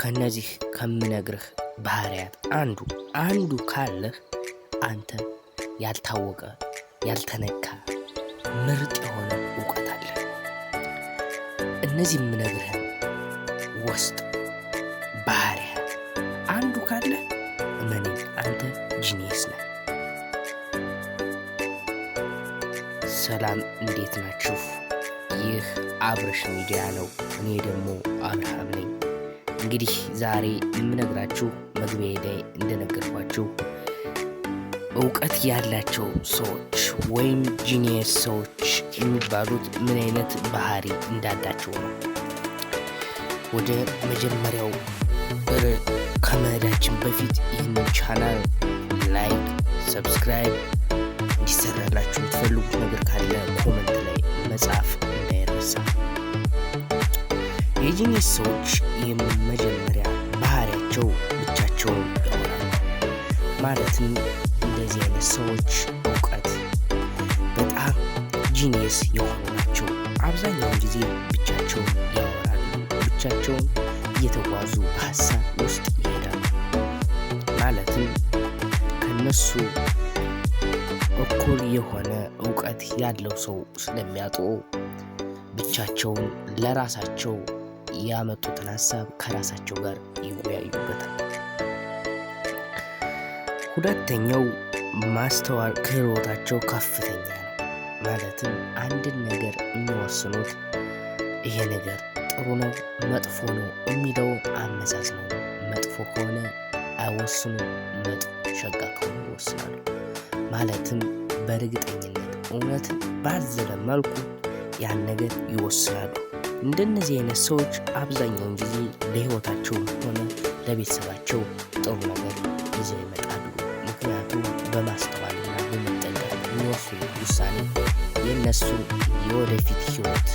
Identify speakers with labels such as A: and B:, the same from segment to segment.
A: ከነዚህ ከምነግርህ ባህሪያት አንዱ አንዱ ካለህ አንተ ያልታወቀ ያልተነካ ምርጥ የሆነ እውቀት አለ። እነዚህ የምነግርህን ውስጥ ባህሪያት አንዱ ካለ እመኔ አንተ ጂኒየስ ነህ። ሰላም፣ እንዴት ናችሁ? ይህ አብረሽ ሚዲያ ነው። እኔ ደግሞ አብርሃም ነኝ። እንግዲህ ዛሬ የምነግራችሁ መግቢያ ላይ እንደነገርኳችሁ እውቀት ያላቸው ሰዎች ወይም ጂኒየስ ሰዎች የሚባሉት ምን አይነት ባህሪ እንዳላቸው ነው። ወደ መጀመሪያው ከመሄዳችን በፊት ይህን ቻናል ላይክ፣ ሰብስክራይብ እንዲሰራላችሁ የምትፈልጉት ነገር ካለ ኮመንት ላይ መጻፍ እንዳይረሳ የጂኒየስ ሰዎች ብቻቸው ብቻቸውን ያወራሉ። ማለትም እንደዚህ አይነት ሰዎች እውቀት በጣም ጂኒየስ የሆኑ ናቸው። አብዛኛውን ጊዜ ብቻቸውን ያወራሉ። ብቻቸውን እየተጓዙ በሀሳብ ውስጥ ይሄዳሉ። ማለትም ከነሱ እኩል የሆነ እውቀት ያለው ሰው ስለሚያጡ ብቻቸውን ለራሳቸው ያመጡትን ሀሳብ ከራሳቸው ጋር ይወያዩበታል። ሁለተኛው ማስተዋል ክህሎታቸው ከፍተኛ ነው። ማለትም አንድን ነገር የሚወስኑት ይሄ ነገር ጥሩ ነው መጥፎ ነው የሚለው አመዛዝ ነው። መጥፎ ከሆነ አይወስኑም፣ መጥፎ ሸጋ ከሆነ ይወስናሉ። ማለትም በእርግጠኝነት እውነት ባዘለ መልኩ ያን ነገር ይወስናሉ። እንደነዚህ አይነት ሰዎች አብዛኛውን ጊዜ ለህይወታቸው ሆነ ለቤተሰባቸው ጥሩ ነገር ይዘው ይመጣሉ። ምክንያቱም በማስተዋልና በመጠንቀቅ የሚወስኑት ውሳኔ የእነሱ የወደፊት ህይወት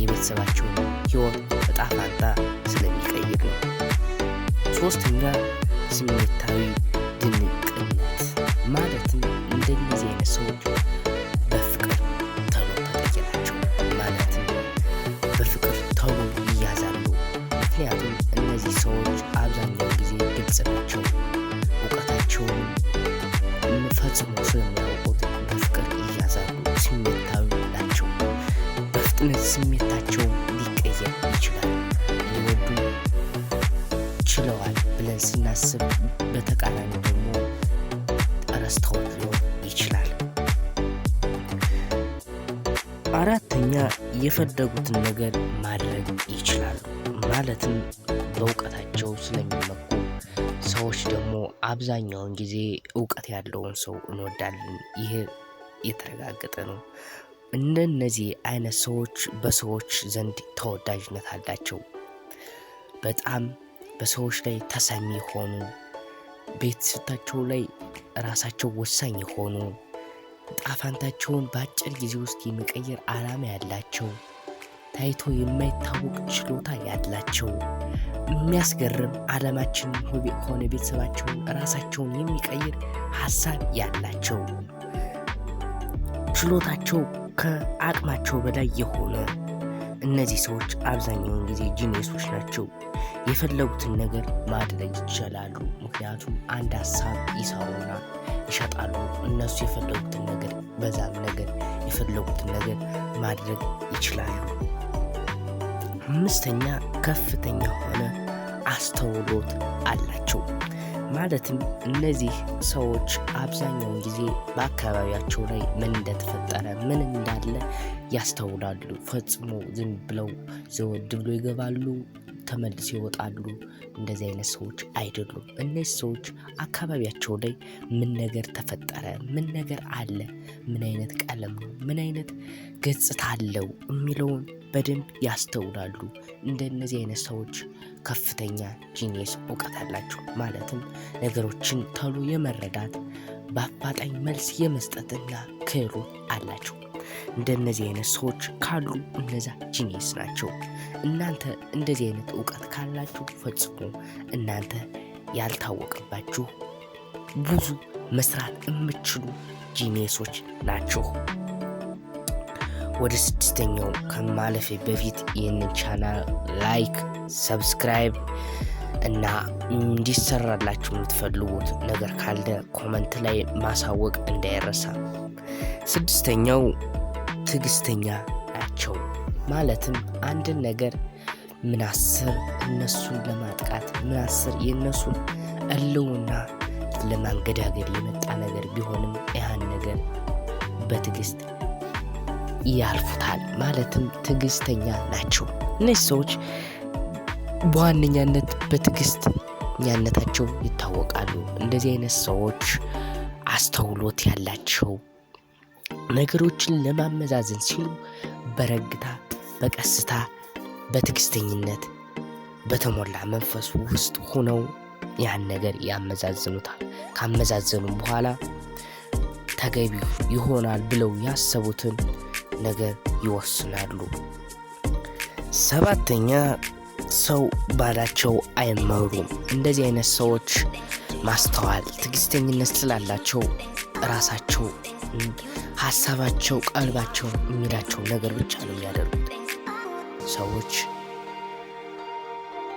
A: የቤተሰባቸውን ህይወት እጣ ፈንታ ስለሚቀይር ነው። ሶስተኛ ስሜታዊ ድንቅነት ማለትም እንደነዚህ አይነት ሰዎች ገንዘባቸው፣ እውቀታቸውን ፈጽሞ ስለሚያውቁት በፍቅር እያዛሉ ስሜታዊ ናቸው። በፍጥነት ስሜታቸው ሊቀየር ይችላል። ሊወዱ ችለዋል ብለን ስናስብ በተቃራኒ ደግሞ ረስተው ሊሆን ይችላል። አራተኛ የፈለጉትን ነገር ማድረግ ይችላሉ። ማለትም በእውቀታቸው ስለሚመኩ ሰዎች ደግሞ አብዛኛውን ጊዜ እውቀት ያለውን ሰው እንወዳለን። ይህ የተረጋገጠ ነው። እንደነዚህ አይነት ሰዎች በሰዎች ዘንድ ተወዳጅነት አላቸው። በጣም በሰዎች ላይ ተሰሚ የሆኑ ቤተሰታቸው ላይ ራሳቸው ወሳኝ የሆኑ ጣፋንታቸውን በአጭር ጊዜ ውስጥ የመቀየር ዓላማ ያላቸው ታይቶ የማይታወቅ ችሎታ ያላቸው የሚያስገርም ዓለማችን ሆነ ቤተሰባቸውን ራሳቸውን የሚቀይር ሀሳብ ያላቸው ችሎታቸው ከአቅማቸው በላይ የሆነ እነዚህ ሰዎች አብዛኛውን ጊዜ ጂኔሶች ናቸው። የፈለጉትን ነገር ማድረግ ይችላሉ። ምክንያቱም አንድ ሀሳብ ይሰሩና ይሸጣሉ። እነሱ የፈለጉትን ነገር በዛም ነገር የፈለጉትን ነገር ማድረግ ይችላሉ። አምስተኛ ከፍተኛ የሆነ አስተውሎት አላቸው። ማለትም እነዚህ ሰዎች አብዛኛውን ጊዜ በአካባቢያቸው ላይ ምን እንደተፈጠረ ምን እንዳለ ያስተውላሉ። ፈጽሞ ዝም ብለው ዘወድ ብሎ ይገባሉ፣ ተመልሰው ይወጣሉ። እንደዚህ አይነት ሰዎች አይደሉም። እነዚህ ሰዎች አካባቢያቸው ላይ ምን ነገር ተፈጠረ፣ ምን ነገር አለ፣ ምን አይነት ቀለም ነው፣ ምን አይነት ገጽታ አለው የሚለውን በደንብ ያስተውላሉ። እንደ እነዚህ አይነት ሰዎች ከፍተኛ ጂኒየስ እውቀት አላቸው። ማለትም ነገሮችን ተሎ የመረዳት በአፋጣኝ መልስ የመስጠትና ክህሎት አላቸው። እንደነዚህ አይነት ሰዎች ካሉ እነዛ ጂኒየስ ናቸው። እናንተ እንደዚህ አይነት እውቀት ካላችሁ ፈጽሞ እናንተ ያልታወቀባችሁ ብዙ መስራት የምችሉ ጂኒየሶች ናቸው። ወደ ስድስተኛው ከማለፌ በፊት ይህንን ቻናል ላይክ፣ ሰብስክራይብ እና እንዲሰራላችሁ የምትፈልጉት ነገር ካለ ኮመንት ላይ ማሳወቅ እንዳይረሳ። ስድስተኛው ትዕግስተኛ ናቸው። ማለትም አንድን ነገር ምናስር እነሱን ለማጥቃት ምናስር የእነሱን እልውና ለማንገዳገድ የመጣ ነገር ቢሆንም ያህን ነገር በትዕግስት ያልፉታል። ማለትም ትዕግስተኛ ናቸው። እነዚህ ሰዎች በዋነኛነት በትዕግስተኛነታቸው ይታወቃሉ። እንደዚህ አይነት ሰዎች አስተውሎት ያላቸው ነገሮችን ለማመዛዘን ሲሉ በረግታ፣ በቀስታ፣ በትዕግስተኝነት በተሞላ መንፈስ ውስጥ ሆነው ያን ነገር ያመዛዝኑታል። ካመዛዘኑም በኋላ ተገቢ ይሆናል ብለው ያሰቡትን ነገር ይወስናሉ። ሰባተኛ ሰው ባላቸው አይመሩም። እንደዚህ አይነት ሰዎች ማስተዋል፣ ትዕግስተኝነት ስላላቸው ራሳቸው ሀሳባቸው፣ ቀልባቸው የሚላቸው ነገር ብቻ ነው የሚያደርጉት። ሰዎች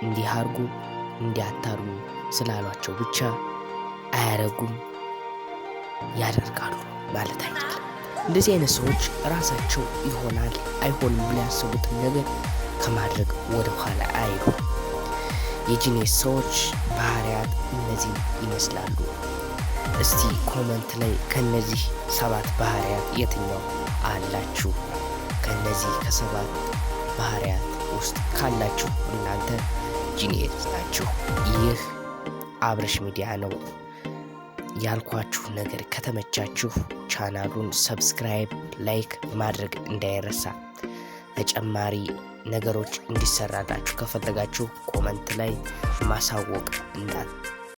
A: እንዲህ አርጉ ስላሏቸው ብቻ አያረጉም፣ ያደርጋሉ ማለት አይደለም። እንደዚህ አይነት ሰዎች ራሳቸው ይሆናል አይሆንም ብሎ ያሰቡትን ነገር ከማድረግ ወደ ኋላ አይሉ። የጂኔስ ሰዎች ባህሪያት እነዚህ ይመስላሉ። እስቲ ኮመንት ላይ ከነዚህ ሰባት ባህሪያት የትኛው አላችሁ? ከነዚህ ከሰባት ባህሪያት ውስጥ ካላችሁ እናንተ ጂኒየስ ናችሁ። ይህ አብርሽ ሚዲያ ነው። ያልኳችሁ ነገር ከተመቻችሁ ቻናሉን ሰብስክራይብ፣ ላይክ ማድረግ እንዳይረሳ። ተጨማሪ ነገሮች እንዲሰራላችሁ ከፈለጋችሁ ኮመንት ላይ ማሳወቅ እንዳት